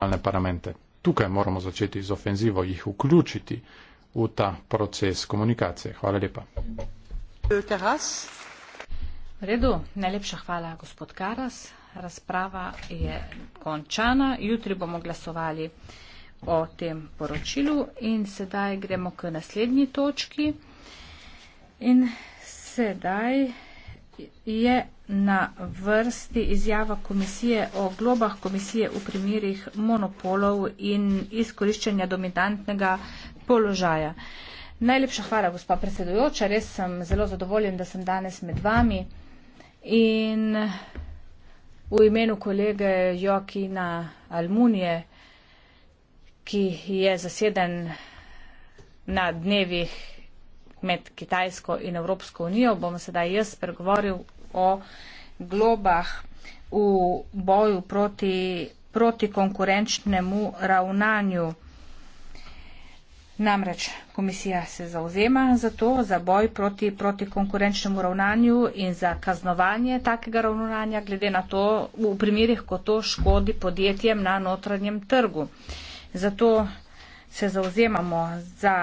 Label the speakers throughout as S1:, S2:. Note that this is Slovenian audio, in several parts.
S1: nacionalne parlamente. Tukaj moramo začeti z ofenzivo, jih vključiti v ta proces komunikacije. Hvala lepa.
S2: V redu, najlepša hvala, gospod Karas. Razprava je končana. Jutri bomo glasovali o tem poročilu in sedaj gremo k naslednji točki. In sedaj je na vrsti izjava komisije o globah komisije v primerih monopolov in izkoriščanja dominantnega položaja. Najlepša hvala, gospa predsedujoča. Res sem zelo zadovoljen, da sem danes med vami. In v imenu kolege Jokina Almunije, ki je zaseden na dnevih med Kitajsko in Evropsko unijo, bom sedaj jaz pregovoril o globah v boju proti, proti konkurenčnemu ravnanju. Namreč komisija se zauzema za to, za boj proti, proti konkurenčnemu ravnanju in za kaznovanje takega ravnanja, glede na to, v primerih, ko to škodi podjetjem na notranjem trgu. Zato se zauzemamo za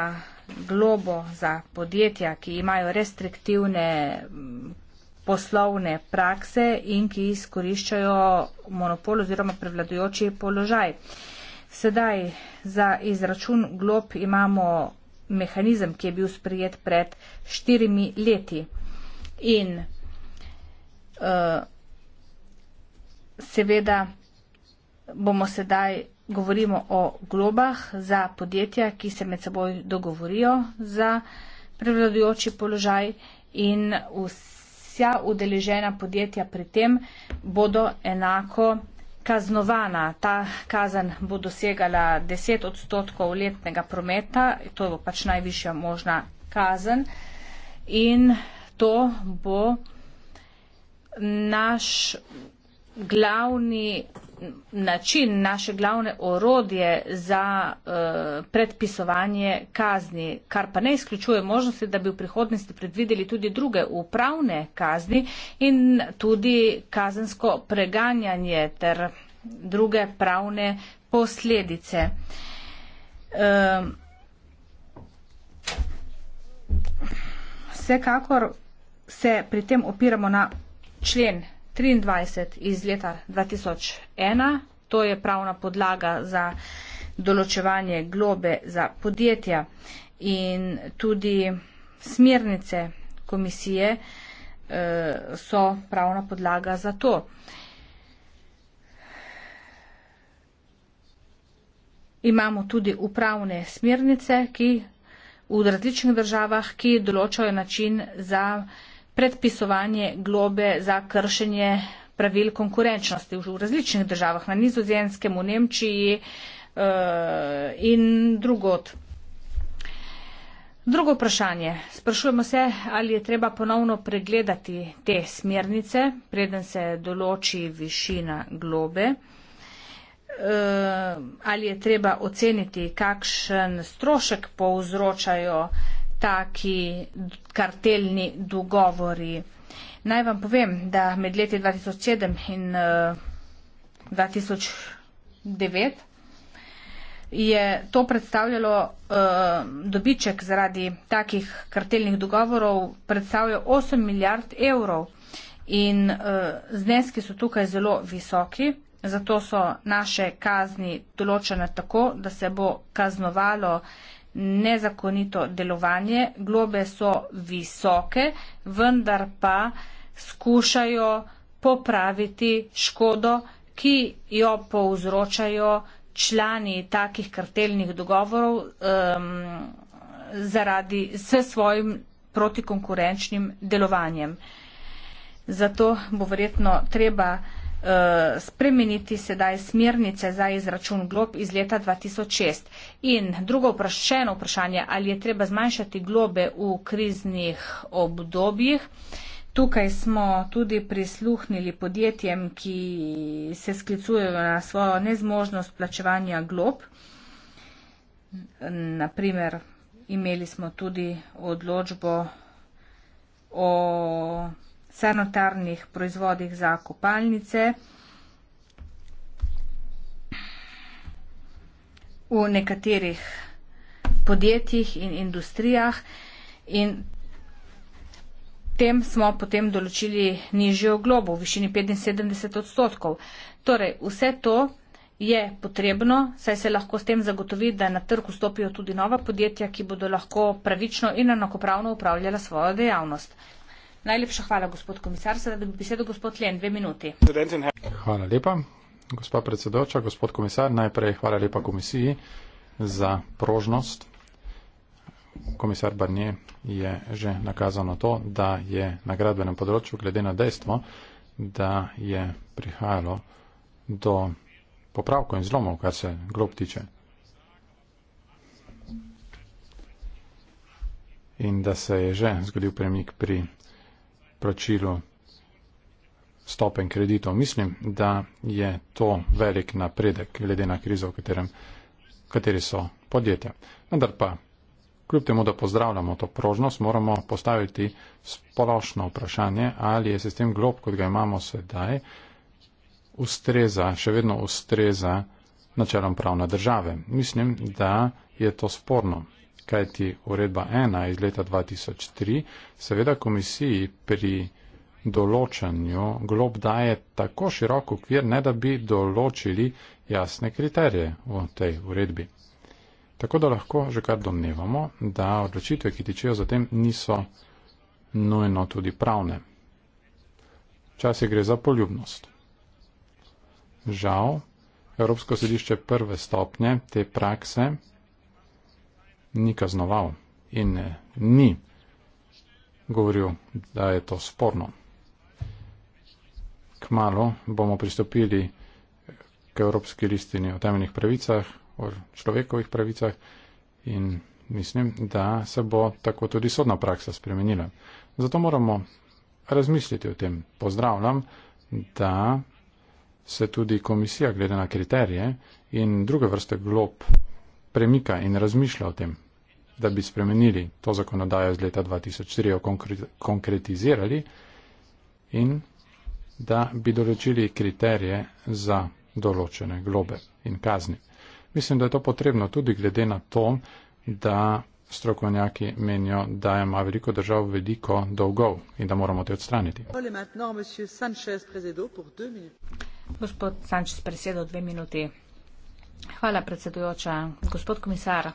S2: globo za podjetja, ki imajo restriktivne poslovne prakse in ki izkoriščajo monopol oziroma prevladujoči položaj. Sedaj za izračun glob imamo mehanizem, ki je bil sprejet pred štirimi leti. In uh, seveda bomo sedaj govorimo o globah za podjetja, ki se med seboj dogovorijo za prevladujoči položaj in vse vsa udeležena podjetja pri tem bodo enako kaznovana. Ta kazen bo dosegala 10 odstotkov letnega prometa, to bo pač najvišja možna kazen in to bo naš glavni način, naše glavne orodje za uh, predpisovanje kazni, kar pa ne izključuje možnosti, da bi v prihodnosti predvideli tudi druge upravne kazni in tudi kazensko preganjanje ter druge pravne posledice. Uh, vsekakor se pri tem opiramo na člen 23 iz leta 2001, to je pravna podlaga za določevanje globe za podjetja in tudi smernice komisije eh, so pravna podlaga za to. Imamo tudi upravne smernice, ki v različnih državah, ki določajo način za predpisovanje globe za kršenje pravil konkurenčnosti v različnih državah, na nizozemskem, v Nemčiji eh, in drugot. Drugo vprašanje. Sprašujemo se, ali je treba ponovno pregledati te smernice, preden se določi višina globe. Eh, ali je treba oceniti, kakšen strošek povzročajo taki kartelni dogovori. Naj vam povem, da med leti 2007 in 2009 eh, je to predstavljalo eh, dobiček zaradi takih kartelnih dogovorov, predstavljajo 8 milijard evrov in eh, zneski so tukaj zelo visoki, zato so naše kazni določene tako, da se bo kaznovalo nezakonito delovanje. Globe so visoke, vendar pa skušajo popraviti škodo, ki jo povzročajo člani takih kartelnih dogovorov um, zaradi s svojim protikonkurenčnim delovanjem. Zato bo verjetno treba uh, Eh, spremeniti sedaj smernice za izračun glob iz leta 2006. In drugo vprašeno vprašanje, ali je treba zmanjšati globe v kriznih obdobjih. Tukaj smo tudi prisluhnili podjetjem, ki se sklicujejo na svojo nezmožnost plačevanja glob. Naprimer, imeli smo tudi odločbo o sanitarnih proizvodih za kopalnice, v nekaterih podjetjih in industrijah in tem smo potem določili nižjo globo v višini 75 odstotkov. Torej, vse to je potrebno, saj se lahko s tem zagotovi, da na trg vstopijo tudi nova podjetja, ki bodo lahko pravično in enakopravno upravljala svojo dejavnost. Najlepša hvala, gospod komisar, sedaj da bi besedo gospod Len, dve minuti.
S1: Hvala lepa, gospa predsedoča, gospod komisar, najprej hvala lepa komisiji za prožnost. Komisar Barnier je že nakazano to, da je na gradbenem področju, glede na dejstvo, da je prihajalo do popravkov in zlomov, kar se glob tiče. In da se je že zgodil premik pri plačilu stopen kreditov. Mislim, da je to velik napredek glede na krizo, v katerem, kateri so podjetja. Vendar pa, kljub temu, da pozdravljamo to prožnost, moramo postaviti splošno vprašanje, ali je sistem glob, kot ga imamo sedaj, ustreza, še vedno ustreza načelom pravne države. Mislim, da je to sporno kajti uredba 1 iz leta 2003 seveda komisiji pri določanju glob daje tako širok okvir, ne da bi določili jasne kriterije v tej uredbi. Tako da lahko že kar domnevamo, da odločitve, ki tičejo za tem, niso nujno tudi pravne. Včasih gre za poljubnost. Žal, Evropsko sodišče prve stopnje te prakse ni kaznoval in ni govoril, da je to sporno. Kmalo bomo pristopili k Evropski listini o temeljnih pravicah, o človekovih pravicah in mislim, da se bo tako tudi sodna praksa spremenila. Zato moramo razmisliti o tem. Pozdravljam, da se tudi komisija glede na kriterije in druge vrste glob premika in razmišlja o tem da bi spremenili to zakonodajo iz leta 2003, jo konkre konkretizirali in da bi določili kriterije za določene globe in kazni. Mislim, da je to potrebno tudi glede na to, da strokovnjaki menijo, da ima veliko držav veliko dolgov in da moramo te odstraniti.
S2: Gospod Sanchez, presedo dve minuti. Hvala, predsedujoča. Gospod komisar,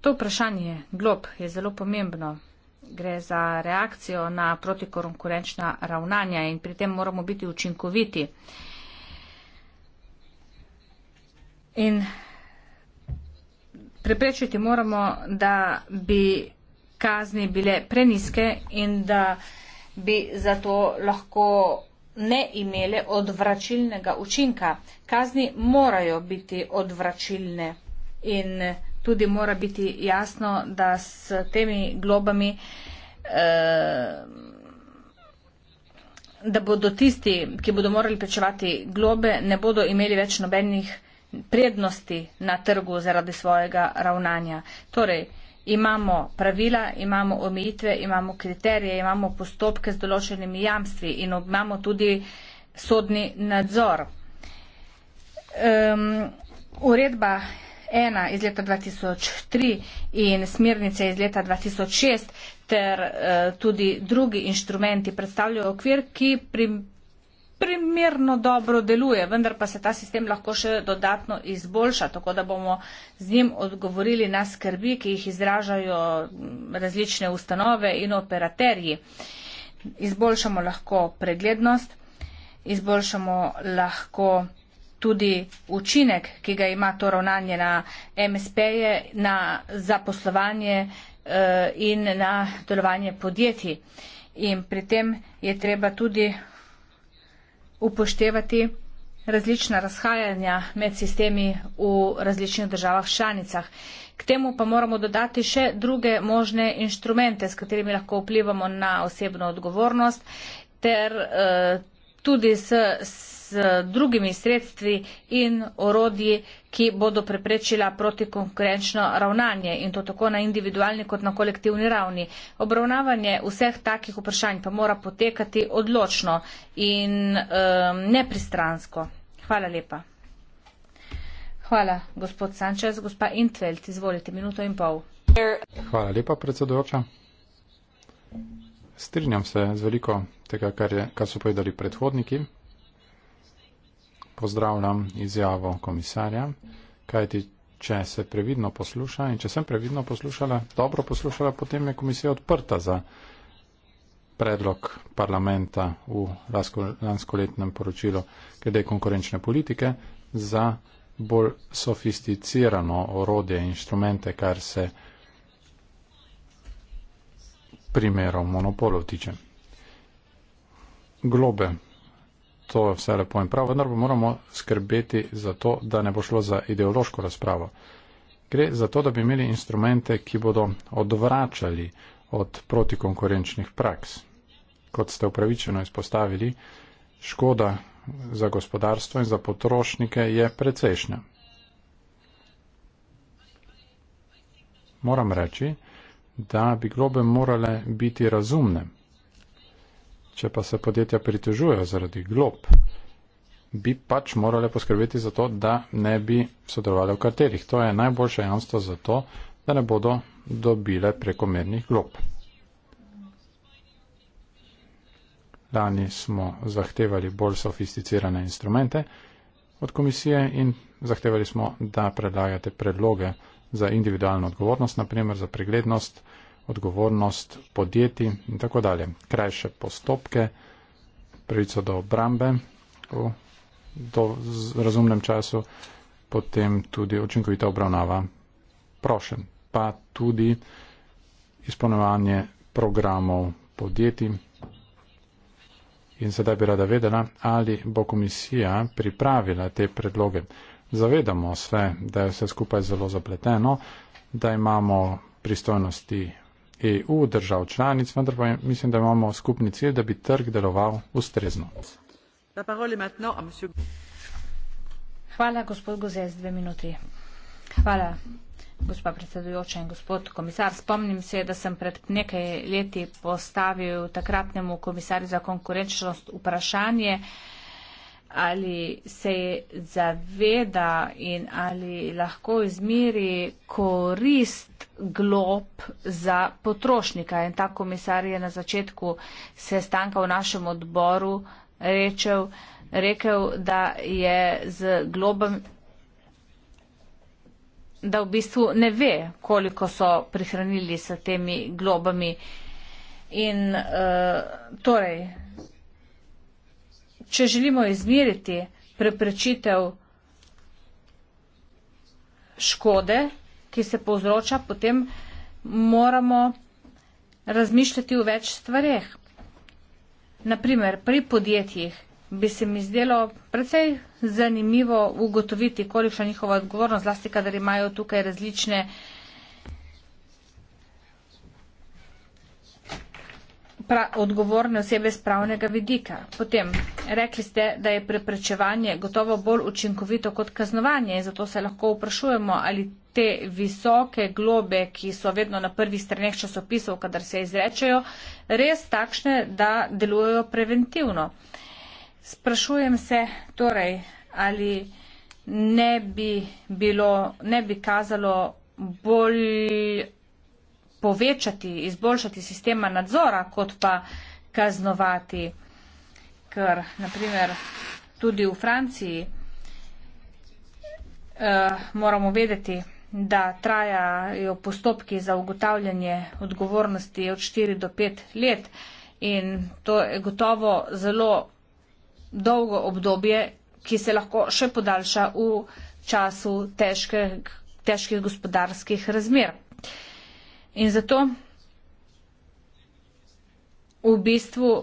S2: To vprašanje glob je zelo pomembno. Gre za reakcijo na protikonkurenčna ravnanja in pri tem moramo biti učinkoviti. In preprečiti moramo, da bi kazni bile preniske in da bi zato lahko ne imele odvračilnega učinka. Kazni morajo biti odvračilne in odvračilne tudi mora biti jasno, da s temi globami, eh, da bodo tisti, ki bodo morali plačevati globe, ne bodo imeli več nobenih prednosti na trgu zaradi svojega ravnanja. Torej, imamo pravila, imamo omejitve, imamo kriterije, imamo postopke z določenimi jamstvi in imamo tudi sodni nadzor. Um, uredba ena iz leta 2003 in smernice iz leta 2006 ter eh, tudi drugi inštrumenti predstavljajo okvir, ki pri primerno dobro deluje, vendar pa se ta sistem lahko še dodatno izboljša, tako da bomo z njim odgovorili na skrbi, ki jih izražajo mm, različne ustanove in operaterji. Izboljšamo lahko preglednost, izboljšamo lahko tudi učinek, ki ga ima to ravnanje na MSP-je, na zaposlovanje eh, in na delovanje podjetij. In pri tem je treba tudi upoštevati različna razhajanja med sistemi v različnih državah članicah. K temu pa moramo dodati še druge možne inštrumente, s katerimi lahko vplivamo na osebno odgovornost ter eh, tudi s, s z drugimi sredstvi in orodji, ki bodo preprečila protikonkurenčno ravnanje in to tako na individualni kot na kolektivni ravni. Obravnavanje vseh takih vprašanj pa mora potekati odločno in um, nepristransko. Hvala lepa. Hvala, gospod Sančez. Gospa Intveld, izvolite minuto in pol.
S1: Hvala lepa, predsedujoča. Strinjam se z veliko tega, kar, je, kar so povedali predhodniki pozdravljam izjavo komisarja, kajti če se previdno posluša in če sem previdno poslušala, dobro poslušala, potem je komisija odprta za predlog parlamenta v lanskoletnem poročilu glede konkurenčne politike za bolj sofisticirano orodje, inštrumente, kar se primerov monopolov tiče. Globe to je vse lepo in prav, vendar pa moramo skrbeti za to, da ne bo šlo za ideološko razpravo. Gre za to, da bi imeli instrumente, ki bodo odvračali od protikonkurenčnih praks. Kot ste upravičeno izpostavili, škoda za gospodarstvo in za potrošnike je precejšnja. Moram reči, da bi globe morale biti razumne. Če pa se podjetja pritežujejo zaradi glob, bi pač morale poskrbeti za to, da ne bi sodelovali v kartelih. To je najboljše jamstvo za to, da ne bodo dobile prekomernih glob. Lani smo zahtevali bolj sofisticirane instrumente od komisije in zahtevali smo, da predlagate predloge za individualno odgovornost, naprimer za preglednost odgovornost podjetij in tako dalje. Krajše postopke, pravico do obrambe v do razumnem času, potem tudi očinkovita obravnava prošen, pa tudi izpolnevanje programov podjetij. In sedaj bi rada vedela, ali bo komisija pripravila te predloge. Zavedamo se, da je vse skupaj zelo zapleteno, da imamo pristojnosti EU držav članic, vendar pa mislim, da imamo skupni cilj, da bi trg deloval ustrezno.
S2: Hvala, gospod Gozez, dve minuti. Hvala, gospod predsedujoča in gospod komisar. Spomnim se, da sem pred nekaj leti postavil takratnemu komisarju za konkurenčnost vprašanje, ali se zaveda in ali lahko izmeri korist glob za potrošnika. In ta komisar je na začetku sestanka v našem odboru rečel, rekel, da je z globom da v bistvu ne ve, koliko so prihranili s temi globami. In uh, torej, če želimo izmeriti preprečitev škode, ki se povzroča, potem moramo razmišljati o več stvarih. Naprimer, pri podjetjih bi se mi zdelo precej zanimivo ugotoviti, kolikšna je njihova odgovornost, zlasti kadar imajo tukaj različne odgovorne osebe z pravnega vidika. Potem Rekli ste, da je preprečevanje gotovo bolj učinkovito kot kaznovanje in zato se lahko vprašujemo, ali te visoke globe, ki so vedno na prvih straneh časopisov, kadar se izrečejo, res takšne, da delujejo preventivno. Sprašujem se torej, ali ne bi, bilo, ne bi kazalo bolj povečati, izboljšati sistema nadzora, kot pa kaznovati ker naprimer tudi v Franciji eh, moramo vedeti, da trajajo postopki za ugotavljanje odgovornosti od 4 do 5 let in to je gotovo zelo dolgo obdobje, ki se lahko še podaljša v času težkih, težkih gospodarskih razmer. In zato v bistvu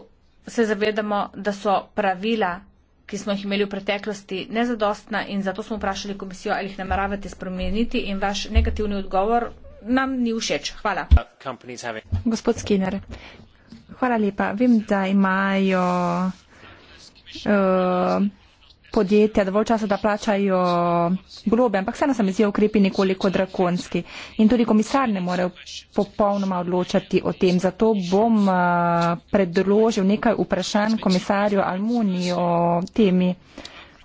S2: se zavedamo, da so pravila, ki smo jih imeli v preteklosti, nezadostna in zato smo vprašali komisijo, ali jih nameravate spremeniti in vaš negativni odgovor nam ni všeč. Hvala.
S3: Gospod Skinner, hvala lepa. Vem, da imajo. Uh, podjetja dovolj časa, da plačajo globe, ampak vseeno se mi zdijo ukrepi nekoliko drakonski. In tudi komisar ne more popolnoma odločati o tem. Zato bom eh, predložil nekaj vprašanj komisarju Almuni o temi,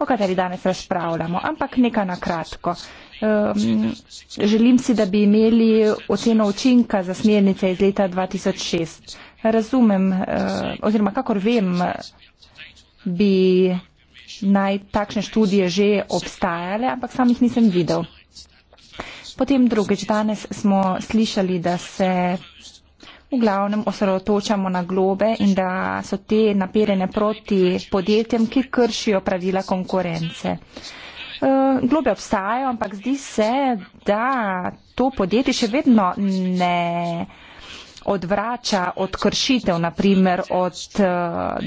S3: o kateri danes razpravljamo. Ampak nekaj na kratko. Um, želim si, da bi imeli oceno učinka za smernice iz leta 2006. Razumem, uh, oziroma kakor vem, bi naj takšne študije že obstajale, ampak sam jih nisem videl. Potem drugič danes smo slišali, da se v glavnem osredotočamo na globe in da so te naperene proti podjetjem, ki kršijo pravila konkurence. Eh, globe obstajajo, ampak zdi se, da to podjetje še vedno ne odvrača od kršitev, naprimer od eh,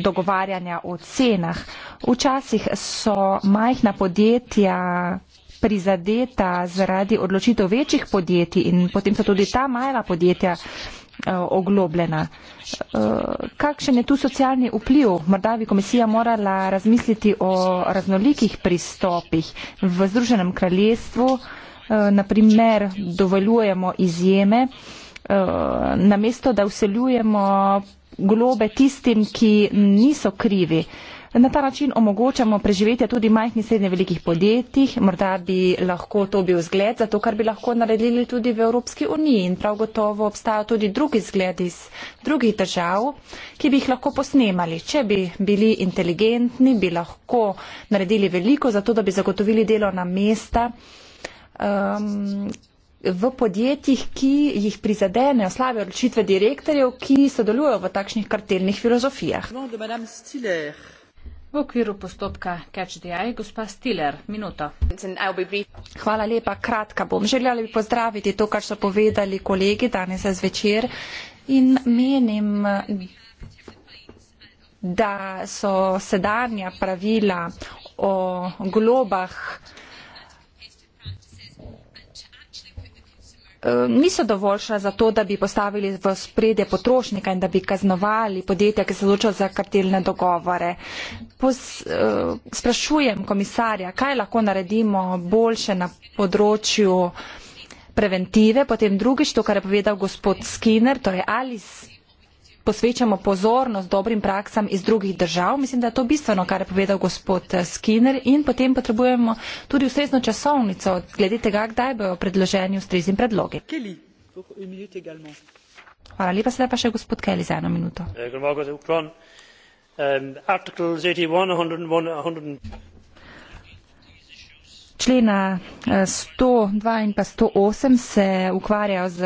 S3: dogovarjanja o cenah. Včasih so majhna podjetja prizadeta zaradi odločitev večjih podjetij in potem so tudi ta majhna podjetja eh, oglobljena. Eh, kakšen je tu socialni vpliv? Morda bi komisija morala razmisliti o raznolikih pristopih. V Združenem kraljestvu, naprimer, dovoljujemo izjeme. Eh, namesto da useljujemo globe tistim, ki niso krivi. Na ta način omogočamo preživetje tudi majhnih in srednje velikih podjetjih. Morda bi lahko to bil zgled za to, kar bi lahko naredili tudi v Evropski uniji. In prav gotovo obstajajo tudi drugi zgledi iz drugih držav, ki bi jih lahko posnemali. Če bi bili inteligentni, bi lahko naredili veliko za to, da bi zagotovili delovna mesta. Um, v podjetjih, ki jih prizadenejo slabe odločitve direktorjev, ki sodelujo v takšnih kartelnih filozofijah.
S2: V okviru postopka Catch the Eye, gospa Stiller, minuto.
S3: Hvala lepa, kratka bom. Želela bi pozdraviti to, kar so povedali kolegi danes zvečer in menim, da so sedanja pravila o globah Eh, niso dovoljša za to, da bi postavili v spredje potrošnika in da bi kaznovali podjetja, ki se odločajo za kartelne dogovore. Pos, uh, sprašujem komisarja, kaj lahko naredimo boljše na področju preventive, potem drugič to, kar je povedal gospod Skinner, torej ali posvečamo pozornost dobrim praksam iz drugih držav. Mislim, da je to bistveno, kar je povedal gospod Skinner in potem potrebujemo tudi ustrezno časovnico glede tega, kdaj bojo predloženi ustrezni predlogi. Hvala lepa, sedaj pa še gospod Kelly za eno minuto. Eh, ähm, Člena 102 eh, in pa 108 se ukvarjajo z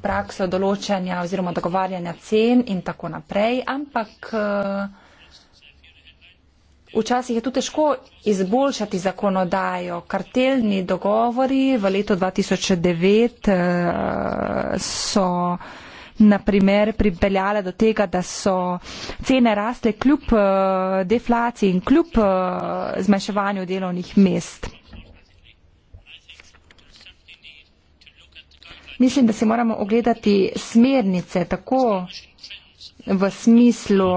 S3: prakso določanja oziroma dogovarjanja cen in tako naprej, ampak eh, včasih je tudi težko izboljšati zakonodajo. Kartelni dogovori v letu 2009 eh, so naprimer pripeljale do tega, da so cene rasle kljub eh, deflaciji in kljub zmanjševanju delovnih mest. Mislim, da si moramo ogledati smernice tako v smislu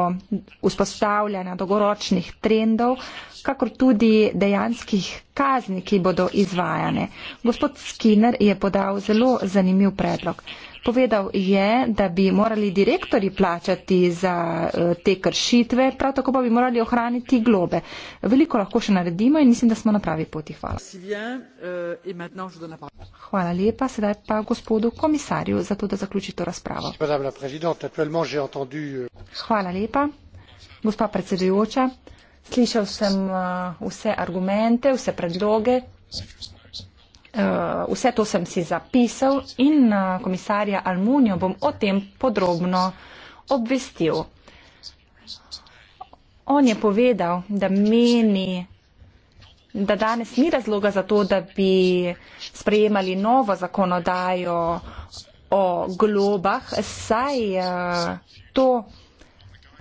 S3: vzpostavljanja dogoročnih trendov, kakor tudi dejanskih kazni, ki bodo izvajane. Gospod Skinner je podal zelo zanimiv predlog. Povedal je, da bi morali direktori plačati za eh, te kršitve, prav tako pa bi morali ohraniti globe. Veliko lahko še naredimo in mislim, da smo na pravi poti. Hvala. Hvala lepa. Sedaj pa gospodu komisarju za to, da zaključi to razpravo.
S1: Euh,
S3: Hvala lepa. Gospa predsedujoča, slišal sem eh, vse argumente, vse predloge. Eh, vse to sem si zapisal in eh, komisarja Almunijo bom o tem podrobno obvestil. On je povedal, da meni, da danes ni razloga za to, da bi sprejemali novo zakonodajo o globah, saj eh, to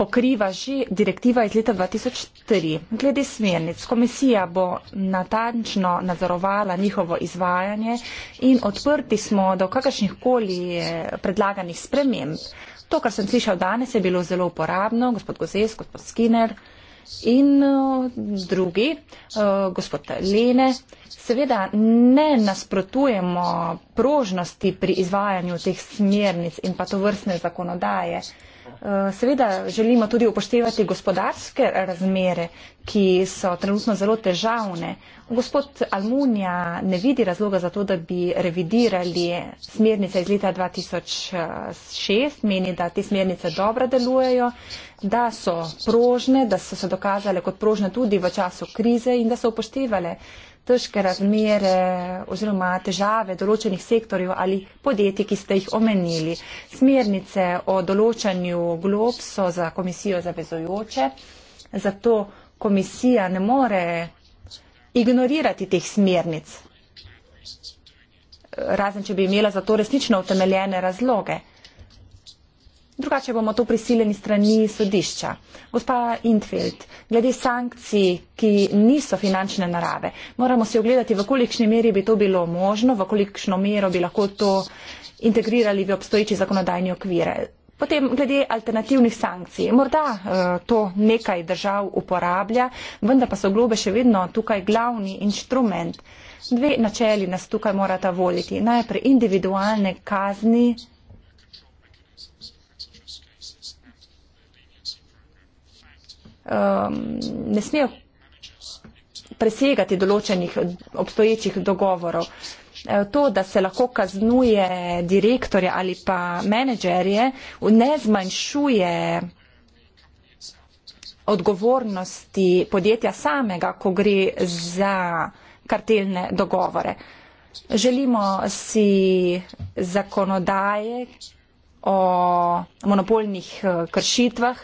S3: pokriva že direktiva iz leta 2003. Glede smernic, komisija bo natančno nadzorovala njihovo izvajanje in odprti smo do kakršnih koli eh, predlaganih sprememb. To, kar sem slišal danes, je bilo zelo uporabno, gospod Gozes, gospod Skinner in eh, drugi, eh, gospod Lene. Seveda ne nasprotujemo prožnosti pri izvajanju teh smernic in pa to vrstne zakonodaje. Eh, seveda želimo tudi upoštevati gospodarske razmere, ki so trenutno zelo težavne. Gospod Almunija ne vidi razloga za to, da bi revidirali smernice iz leta 2006, meni, da te smernice dobro delujejo, da so prožne, da so se dokazale kot prožne tudi v času krize in da so upoštevale uh, težke razmere oziroma težave določenih sektorjev ali podjetij, ki ste jih omenili. Smernice o določanju glob so za komisijo zavezojoče, zato komisija ne more ignorirati teh smernic, razen če bi imela za to resnično utemeljene razloge drugače bomo to prisiljeni strani sodišča. Gospa Intfeld, glede sankcij, ki niso finančne narave, moramo si ogledati, v kolikšni meri bi to bilo možno, v kolikšno mero bi lahko to integrirali v obstoječi zakonodajni okvire. Potem glede alternativnih sankcij. Morda uh, to nekaj držav uporablja, vendar pa so globe še vedno tukaj glavni inštrument. Dve načeli nas tukaj morata voliti. Najprej individualne kazni um, ne smejo presegati določenih obstoječih dogovorov. E, to, da se lahko kaznuje direktorje ali pa menedžerje, ne zmanjšuje odgovornosti podjetja samega, ko gre za kartelne dogovore. Želimo si zakonodaje o monopolnih e, kršitvah,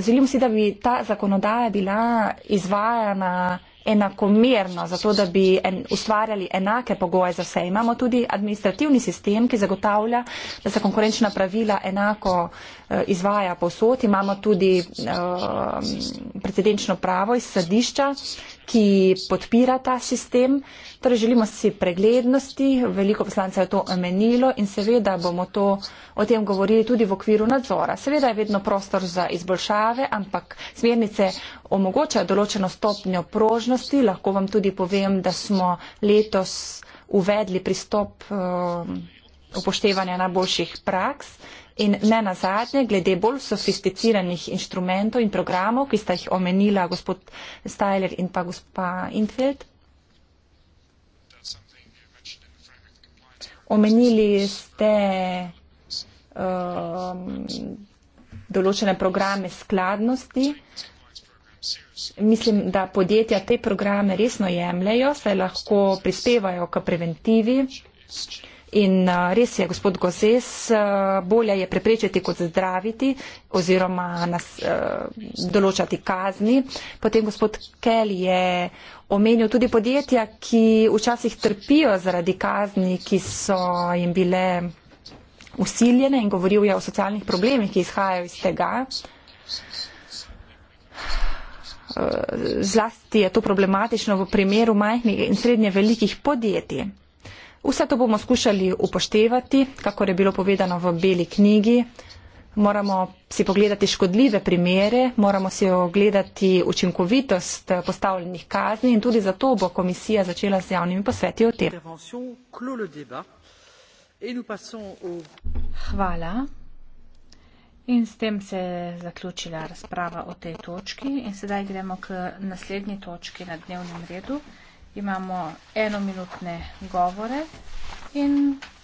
S3: Želim si, da bi ta zakonodaja bila izvajana enakomerno, zato da bi en, ustvarjali enake pogoje za vse. Imamo tudi administrativni sistem, ki zagotavlja, da se konkurenčna pravila enako eh, izvaja posod. Imamo tudi eh, precedenčno pravo iz sadišča. Eh, ki podpira ta sistem. Torej, želimo si preglednosti, veliko poslancev je to omenilo in seveda bomo to, o tem govorili tudi v okviru nadzora. Seveda je vedno prostor za izboljšave, ampak smernice omogočajo določeno stopnjo prožnosti. Lahko vam tudi povem, da smo letos uvedli pristop. Um, upoštevanja najboljših praks in ne nazadnje, glede bolj sofisticiranih inštrumentov in programov, ki sta jih omenila gospod Steiler in pa gospa Infeld. Omenili ste um, določene programe skladnosti. Mislim, da podjetja te programe resno jemljajo, saj lahko prispevajo k preventivi. Uh, In res je, gospod Gozes, bolje je preprečiti kot zdraviti oziroma nas, določati kazni. Potem gospod Kel je omenil tudi podjetja, ki včasih trpijo zaradi kazni, ki so jim bile usiljene in govoril je o socialnih problemih, ki izhajajo iz tega. Zlasti je to problematično v primeru majhnih in srednje velikih podjetij. Vse to bomo skušali upoštevati, kako je bilo povedano v beli knjigi. Moramo si pogledati škodljive primere, moramo si ogledati učinkovitost postavljenih kazni in tudi zato bo komisija začela z javnimi posveti o tem.
S2: Hvala. In s tem se je zaključila razprava o tej točki in sedaj gremo k naslednji točki na dnevnem redu imamo enominutne govore in